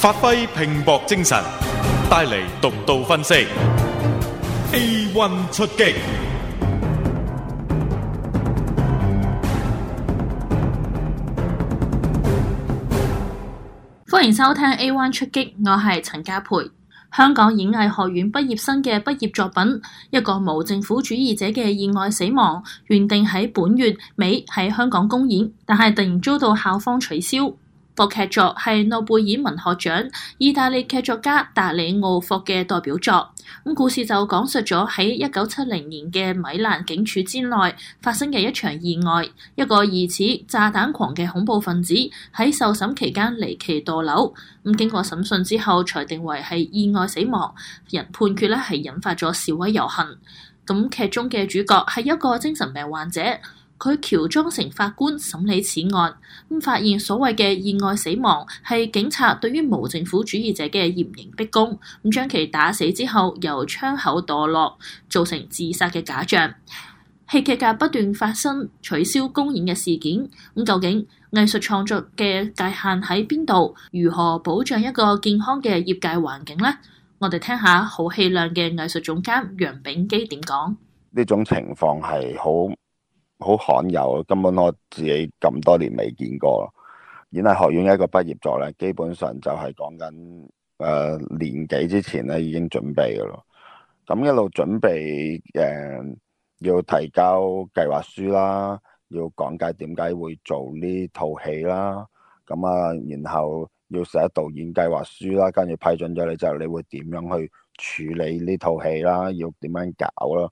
發揮拼搏精神，帶嚟獨到分析。A1 出擊，歡迎收聽 A1 出擊。我係陳嘉佩，香港演藝學院畢業生嘅畢業作品《一個無政府主義者嘅意外死亡》，原定喺本月尾喺香港公演，但係突然遭到校方取消。部劇作係諾貝爾文學獎意大利劇作家達里奧霍嘅代表作，咁故事就講述咗喺一九七零年嘅米蘭警署之內發生嘅一場意外，一個疑似炸彈狂嘅恐怖分子喺受審期間離奇墮樓，咁經過審訊之後裁定為係意外死亡，人判決呢係引發咗示威遊行，咁劇中嘅主角係一個精神病患者。佢喬裝成法官審理此案，咁發現所謂嘅意外死亡係警察對於無政府主義者嘅嚴刑逼供，咁將其打死之後由窗口墮落造成自殺嘅假象。戲劇界不斷發生取消公演嘅事件，咁究竟藝術創作嘅界限喺邊度？如何保障一個健康嘅業界環境呢？我哋聽下好戲量嘅藝術總監楊秉基點講呢種情況係好。好罕有，根本我自己咁多年未見過。演藝學院一個畢業作呢，基本上就係講緊誒年幾之前咧已經準備噶咯。咁一路準備誒、呃，要提交計劃書啦，要講解點解會做呢套戲啦。咁啊，然後要寫導演計劃書啦，跟住批准咗你之後，你會點樣去處理呢套戲啦？要點樣搞啦？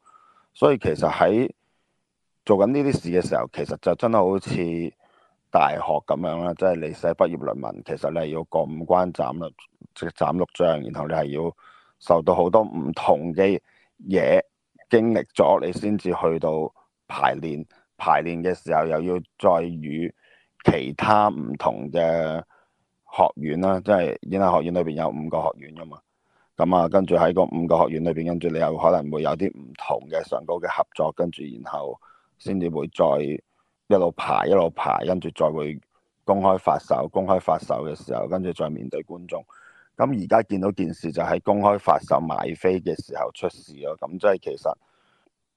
所以其實喺做緊呢啲事嘅時候，其實就真係好似大學咁樣啦，即係你寫畢業論文，其實你係要過五關斬六斬六將，然後你係要受到好多唔同嘅嘢經歷咗，你先至去到排練。排練嘅時候，又要再與其他唔同嘅學院啦，即係演藝學院裏邊有五個學院噶嘛。咁啊，跟住喺個五個學院裏邊，跟住你有可能會有啲唔同嘅上高嘅合作，跟住然後。先至會再一路排一路排，跟住再會公開發售。公開發售嘅時候，跟住再面對觀眾。咁而家見到件事就喺公開發售買飛嘅時候出事咯。咁、嗯、即係其實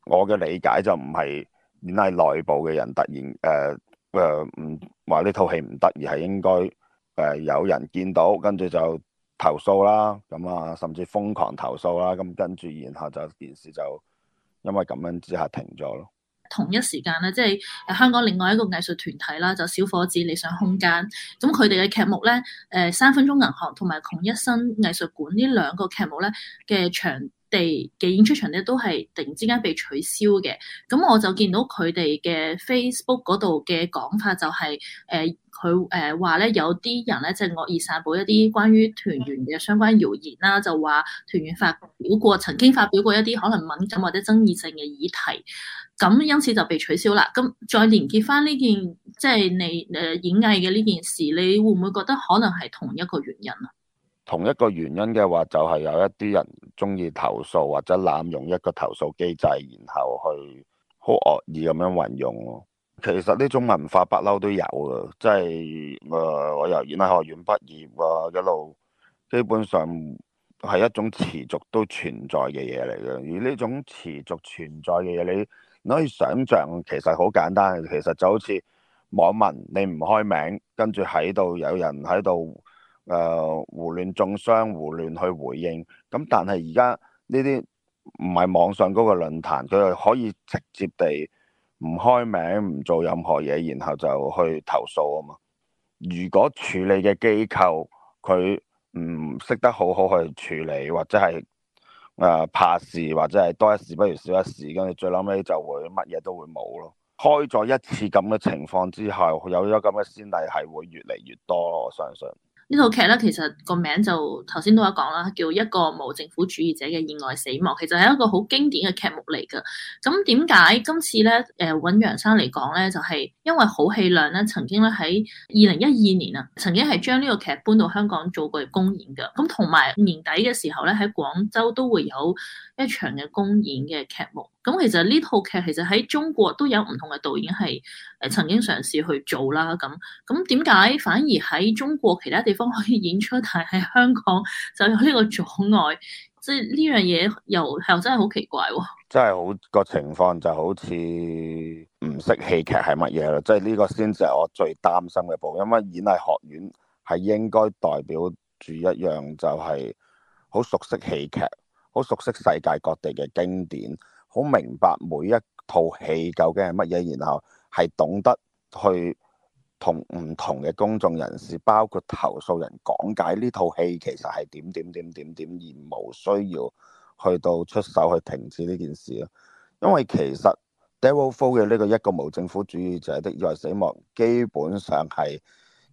我嘅理解就唔係演藝內部嘅人突然誒誒唔話呢套戲唔得，而係應該誒、呃、有人見到跟住就投訴啦。咁、嗯、啊，甚至瘋狂投訴啦。咁跟住然後就件事就因為咁樣之下停咗咯。同一時間咧，即係香港另外一個藝術團體啦，就小《小伙子理想空間》。咁佢哋嘅劇目咧，誒、呃《三分鐘銀行》同埋《窮一生藝術館》呢兩個劇目咧嘅長地嘅演出場咧都係突然之間被取消嘅，咁我就見到佢哋嘅 Facebook 嗰度嘅講法就係、是，誒佢誒話咧有啲人咧即係惡意散布一啲關於團員嘅相關謠言啦，就話團員發表過曾經發表過一啲可能敏感或者爭議性嘅議題，咁因此就被取消啦。咁再連結翻呢件即係、就是、你誒演藝嘅呢件事，你會唔會覺得可能係同一個原因啊？同一個原因嘅話，就係、是、有一啲人中意投訴或者濫用一個投訴機制，然後去好惡意咁樣運用咯。其實呢種文化不嬲都有嘅，即係、呃、我由演藝學院畢業啊，一、呃、路基本上係一種持續都存在嘅嘢嚟嘅。而呢種持續存在嘅嘢，你可以想像其實好簡單，其實就好似網民你唔開名，跟住喺度有人喺度。誒胡亂中傷，胡亂去回應咁，但係而家呢啲唔係網上嗰個論壇，佢係可以直接地唔開名，唔做任何嘢，然後就去投訴啊嘛。如果處理嘅機構佢唔識得好好去處理，或者係誒、呃、怕事，或者係多一事不如少一事，咁你最撈尾就會乜嘢都會冇咯。開咗一次咁嘅情況之下，有咗咁嘅先例，係會越嚟越多咯。我相信。呢套劇咧，其實個名就頭先都有講啦，叫一個無政府主義者嘅意外死亡，其實係一個好經典嘅劇目嚟㗎。咁點解今次咧，誒揾楊生嚟講咧，就係、是、因為好氣量咧，曾經咧喺二零一二年啊，曾經係將呢個劇搬到香港做過公演㗎。咁同埋年底嘅時候咧，喺廣州都會有一場嘅公演嘅劇目。咁其實呢套劇其實喺中國都有唔同嘅導演係誒曾經嘗試去做啦，咁咁點解反而喺中國其他地方可以演出，但喺香港就有呢個阻礙？即係呢樣嘢又又真係好奇怪喎，啊！真係好個情況就好似唔識戲劇係乜嘢咯，即係呢個先至係我最擔心嘅部分。因為演藝學院係應該代表住一樣就係好熟悉戲劇、好熟悉世界各地嘅經典。好明白每一套戲究竟係乜嘢，然後係懂得去同唔同嘅公眾人士，包括投訴人講解呢套戲其實係點點點點點，而無需要去到出手去停止呢件事咯。因為其實 Dario Fo 嘅呢個一個無政府主義者的意外死亡，基本上係。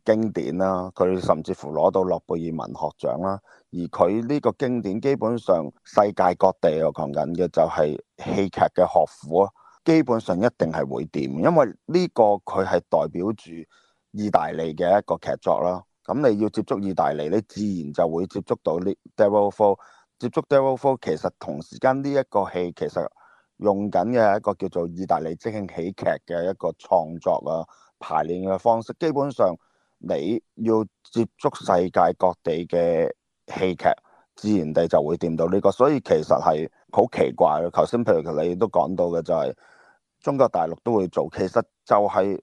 經典啦，佢甚至乎攞到諾貝爾文學獎啦。而佢呢個經典，基本上世界各地我講緊嘅就係戲劇嘅學府，基本上一定係會掂，因為呢個佢係代表住意大利嘅一個劇作啦。咁你要接觸意大利，你自然就會接觸到呢 Dario Fo，接觸 Dario Fo，其實同時間呢一個戲其實用緊嘅一個叫做意大利即興喜劇嘅一個創作啊排練嘅方式，基本上。你要接觸世界各地嘅戲劇，自然地就會掂到呢、這個。所以其實係好奇怪嘅。頭先譬如你都講到嘅就係、是、中國大陸都會做，其實就係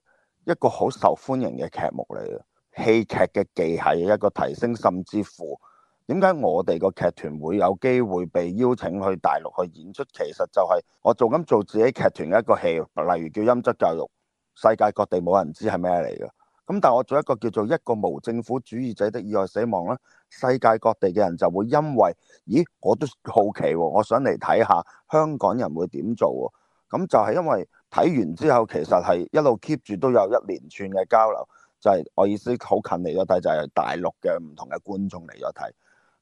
一個好受歡迎嘅劇目嚟嘅戲劇嘅技巧嘅一個提升，甚至乎點解我哋個劇團會有機會被邀請去大陸去演出，其實就係、是、我做緊做自己劇團嘅一個戲，例如叫音質教育，世界各地冇人知係咩嚟嘅。咁但係我做一個叫做一個無政府主義者的意外死亡咧，世界各地嘅人就會因為，咦，我都好奇喎、哦，我想嚟睇下香港人會點做喎、哦。咁就係因為睇完之後，其實係一路 keep 住都有一連串嘅交流，就係、是、我意思好近嚟咗睇，就係、是、大陸嘅唔同嘅觀眾嚟咗睇。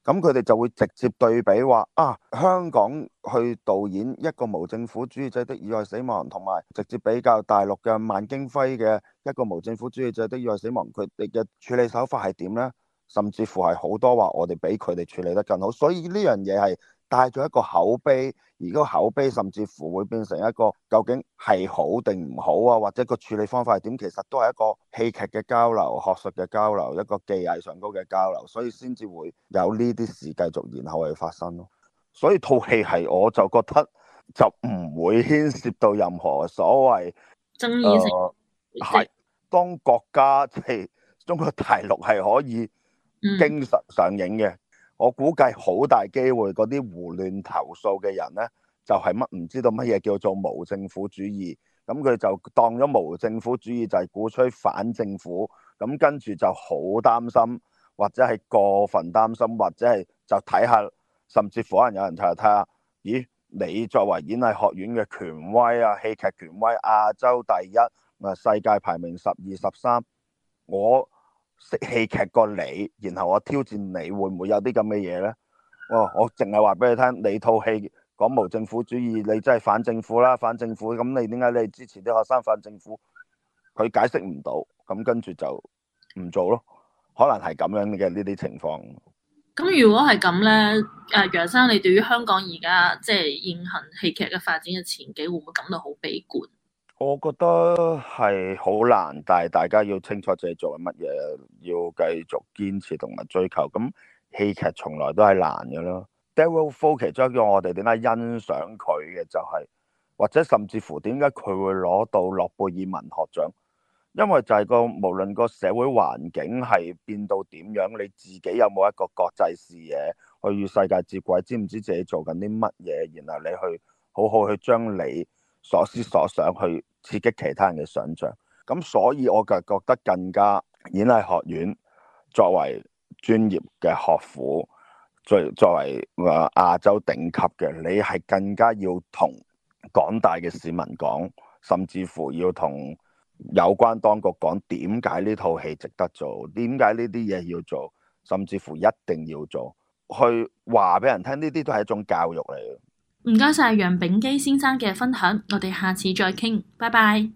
咁佢哋就會直接對比話啊，香港去導演一個無政府主義者的意外死亡，同埋直接比較大陸嘅孟京輝嘅一個無政府主義者的意外死亡，佢哋嘅處理手法係點呢？甚至乎係好多話我哋比佢哋處理得更好，所以呢樣嘢係，帶咗一個口碑，而個口碑甚至乎會變成一個究竟係好定唔好啊，或者個處理方法係點，其實都係一個戲劇嘅交流、學術嘅交流、一個技藝上高嘅交流，所以先至會有呢啲事繼續，然後去發生咯。所以套戲係我就覺得就唔會牽涉到任何所謂爭議性，係、呃、當國家即係中國大陸係可以經常上映嘅。嗯我估計好大機會，嗰啲胡亂投訴嘅人呢，就係乜唔知道乜嘢叫做無政府主義，咁佢就當咗無政府主義就係鼓吹反政府，咁跟住就好擔心，或者係過分擔心，或者係就睇下，甚至乎可能有人睇下睇下，咦？你作為演藝學院嘅權威啊，戲劇權威，亞洲第一，啊，世界排名十二十三，13，我。識戲劇過你，然後我挑戰你會唔會有啲咁嘅嘢咧？哦，我淨係話俾你聽，你套戲講無政府主義，你真係反政府啦，反政府咁你點解你支持啲學生反政府？佢解釋唔到，咁跟住就唔做咯，可能係咁樣嘅呢啲情況。咁如果係咁咧，誒楊生，你對於香港而家即係現行戲劇嘅發展嘅前景會唔會感到好悲觀？我覺得係好難，但係大家要清楚自己做緊乜嘢，要繼續堅持同埋追求。咁戲劇從來都係難嘅咯。Dario Fo 其中一個叫我哋點解欣賞佢嘅，就係或者甚至乎點解佢會攞到諾貝爾文學獎，因為就係個無論個社會環境係變到點樣，你自己有冇一個國際視野去與世界接軌，知唔知自己做緊啲乜嘢，然後你去好好去將你所思所想去，刺激其他人嘅想像，咁所以我就覺得更加演藝學院作為專業嘅學府，作作為亞洲頂級嘅，你係更加要同廣大嘅市民講，甚至乎要同有關當局講，點解呢套戲值得做？點解呢啲嘢要做？甚至乎一定要做，去話俾人聽，呢啲都係一種教育嚟嘅。唔該晒，楊秉基先生嘅分享，我哋下次再傾，拜拜。